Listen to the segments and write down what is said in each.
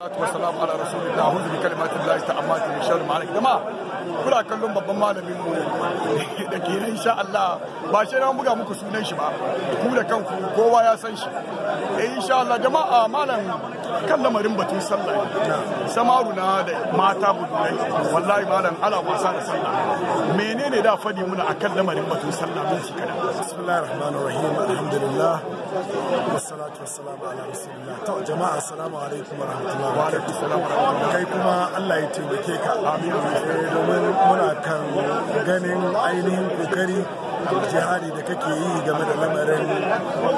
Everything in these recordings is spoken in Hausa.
والسلام على رسول الله أعوذ بكلمات الله استعمات من شر ما عليك جماعة kuna kallon babban malamin mu da ke nan insha Allah ba shi na buga muku sunan shi ba ku da kanku kowa ya san shi eh jama'a kan lamarin batun sallah samaru na da mata budurai wallahi malam ala wasa da sallah menene da fadi muna akan lamarin batun sallah mun shi kada bismillahir rahmanir rahim alhamdulillah wassalatu wassalamu ala rasulillah to jama'a assalamu alaikum wa rahmatullahi wa alaikum salam kai kuma Allah ya taimake ka amin eh, domin muna kan ganin ainihin kokari jihadi da kake yi game da lamarin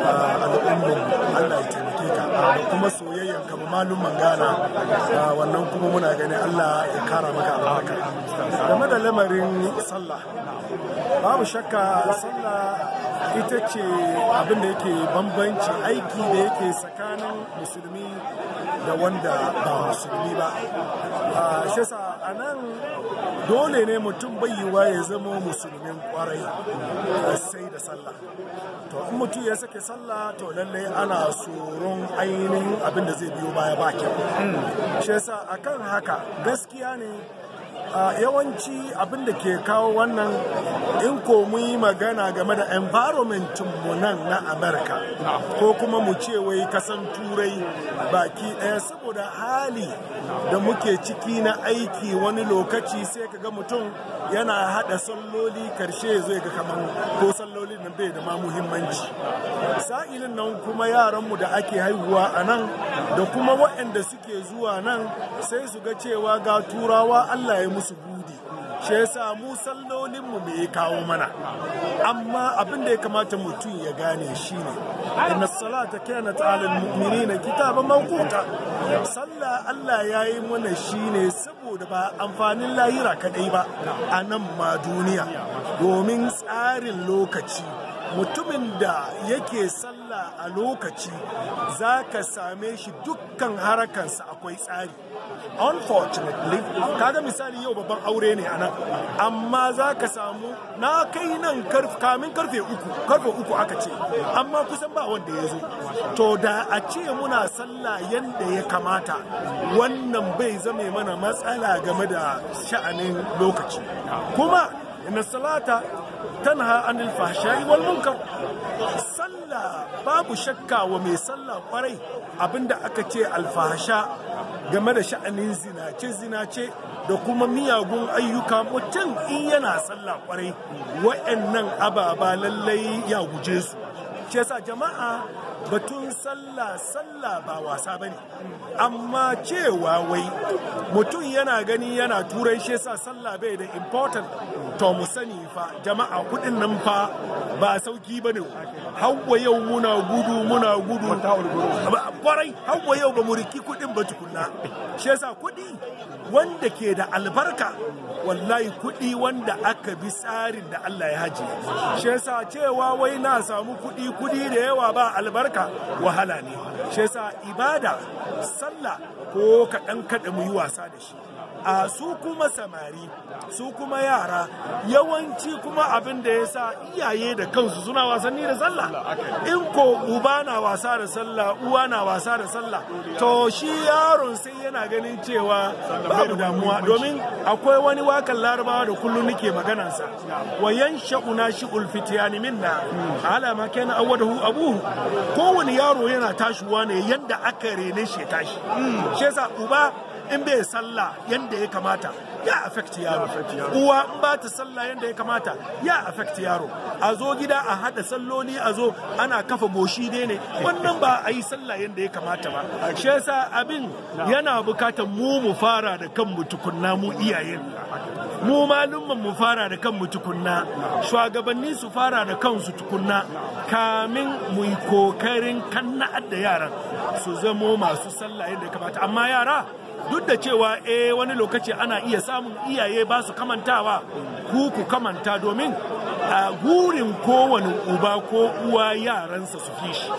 ah, al'ummar Allah ya taimake ka kuma soyayyan kama malum mangana ah, wannan kuma muna gani Allah ya kara maka albarka lamarin sallah babu shakka sallah ita ce abin da yake bambanci aiki da yake tsakanin musulmi da wanda ba musulmi ba ah, shi sa a nan dole ne mutum bayyuwa ya zama musulmin kwarai sai da sallah to in mutum ya sake sallah to lallai ana tsoron ainihin abin da zai biyo baya ba kyau hmm. shi sa akan haka gaskiya ne yawanci abin da ke kawo wannan in ko yi magana game da environment mu nan na america ko kuma mu ce wai kasan turai baki ɗaya saboda hali da muke ciki na aiki wani lokaci sai ka ga mutum yana haɗa salloli karshe zai ga kamar ko salloli nan bai da ma muhimmanci sa'ilin nan kuma yaranmu da ake haihuwa a nan da kuma waɗanda suke zuwa nan sai su ga cewa ga turawa allah ya musu su budi shi yasa mu sallolin mu me ya kawo mana amma abin da ya kamata mutum ya gane shine inna salata kanat ala almu'minina kitaban mawquta sallah Allah yayi mana shine saboda ba amfanin lahira kadai ba a nan ma duniya domin tsarin lokaci mutumin da yake sallah a lokaci za ka same shi dukkan harakansa akwai tsari unfortunately kaga misali yau babban aure ne a nan amma za ka samu na kai nan kamin karfe uku karfe uku aka ce amma kusan ba wanda ya zo to da a ce muna sallah yadda ya kamata wannan bai zame mana matsala game da sha'anin lokaci kuma na salata tana anil fahsha'i wal munkar Allah babu shakka wa mai sallah kwarai abinda aka ce alfahasha game da sha'anin zinace-zinace da kuma miyagun ayyuka mutum in yana sallah kwarai wa'annan ababa lallai ya guje su shi yasa jama'a batun sallah sallah ba wasa bane amma cewa wai mutum yana gani yana turai shi yasa sallah bai da important to mu sani fa jama'a kudin nan fa ba sauki bane hawa yau muna gudu muna gudu kwarai hawa yau ba mu riki kudin ba tukunna shi yasa kudi wanda ke da albarka wallahi kuɗi wanda aka bi tsarin da Allah ya haji shi yasa cewa wai na samu kuɗi kuɗi da yawa ba albarka wahala ne shi yasa ibada sallah ko kaɗan kaɗa mu yi wasa da shi a su kuma samari su kuma yara yawanci kuma abin da ya sa iyaye da kansu suna wasanni da sallah in ko uba na wasa da sallah uwa na wasa da sallah to shi yaron sai yana ganin cewa ba da damuwa domin akwai wani wakan larabawa da kullum nake sa wa una shi ulfitiyani minna ala ma kana awadahu abuhu kowane yaro yana tashuwa ne yadda aka rene shi tashi shi yasa uba in bai sallah yadda ya kamata ya affect yaro uwa in ba ta sallah yadda ya kamata ya affect yaro a zo gida a hada salloli a zo ana kafa goshi dai ne wannan ba a yi sallah yadda ya kamata ba shi yasa abin yana bukatar mu mu fara da kanmu tukunna mu iyayen mu malumman mu fara da kanmu tukunna shugabanni su fara da kansu tukunna kamin mu yi kokarin kanna da yaran su zamo masu sallah yadda ya kamata amma yara duk da cewa eh wani lokaci ana iya samun iyaye ba su kamantawa ku ku kamanta domin a gurin kowane uba ko uwa yaransa su fi shi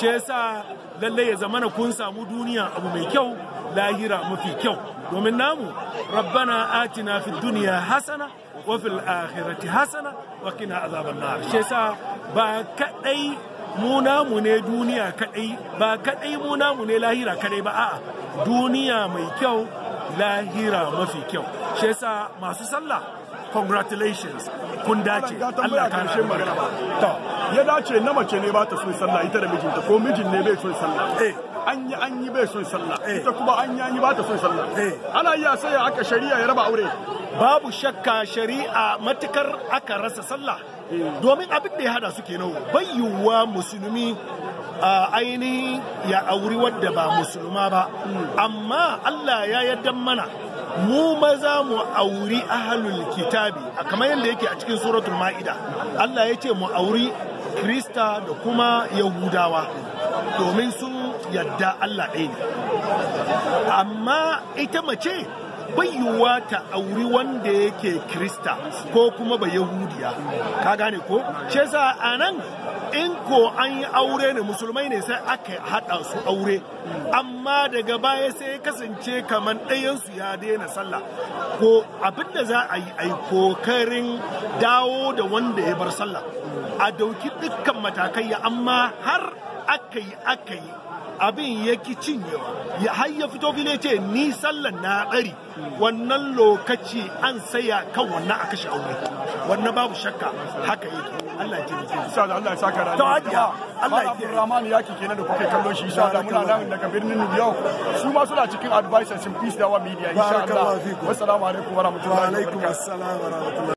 shi yasa lallai ya zamana kun samu duniya abu mai kyau lahira mafi kyau domin namu rabbana atina fi duniya hasana wa fil akhirati hasana wa qina azaban nar shi yasa ba kadai mu namu ne duniya kaɗai ba kaɗai mu namu ne lahira kaɗai ba a'a duniya mai kyau lahira mafi kyau shi yasa masu sallah congratulations kun dace Allah ka shi magana to ya dace na mace ne ba ta so sallah ita da mijinta ko mijin ne bai so sallah eh an yi an yi bai so sallah eh. ita kuma an yi an yi ba ta so sallah eh ana iya sai aka shari'a ya raba aure babu shakka shari'a matukar aka rasa sallah domin abin da ya hada suke kenan bai yiwuwa musulmi a ainihin ya auri wadda ba musulma ba amma Allah ya yarda mana mu maza mu auri ahalul kitabi a kamar yadda yake a cikin suratun ma'ida Allah ya ce mu auri krista da kuma yahudawa domin sun yadda Allah ɗaya ne amma ita mace yiwuwa ta auri wanda yake krista ko kuma ba yahudiya ka gane ko ce yasa a nan in ko an yi aure ne musulmai ne sai aka haɗa su aure amma daga baya sai ya kasance kamar ɗayansu ya daina sallah ko abinda za a yi a kokarin dawo da wanda ya bar sallah a dauki dukkan matakai amma har aka yi aka yi abin ya ki cinyewa ya har ya fito fili ce ni sallan na bari wannan lokaci an saya kan wannan a kashe aure wannan babu shakka haka yake Allah ya taimake shi Allah ya saka rana to hajiya Allah ya taimake Rahman yaki kenan da kuke kallo shi insha Allah muna nan daga birnin New York su ma suna cikin advisors in peace dawa media insha Allah wassalamu alaikum warahmatullahi wabarakatuh wa alaikum assalam wa rahmatullahi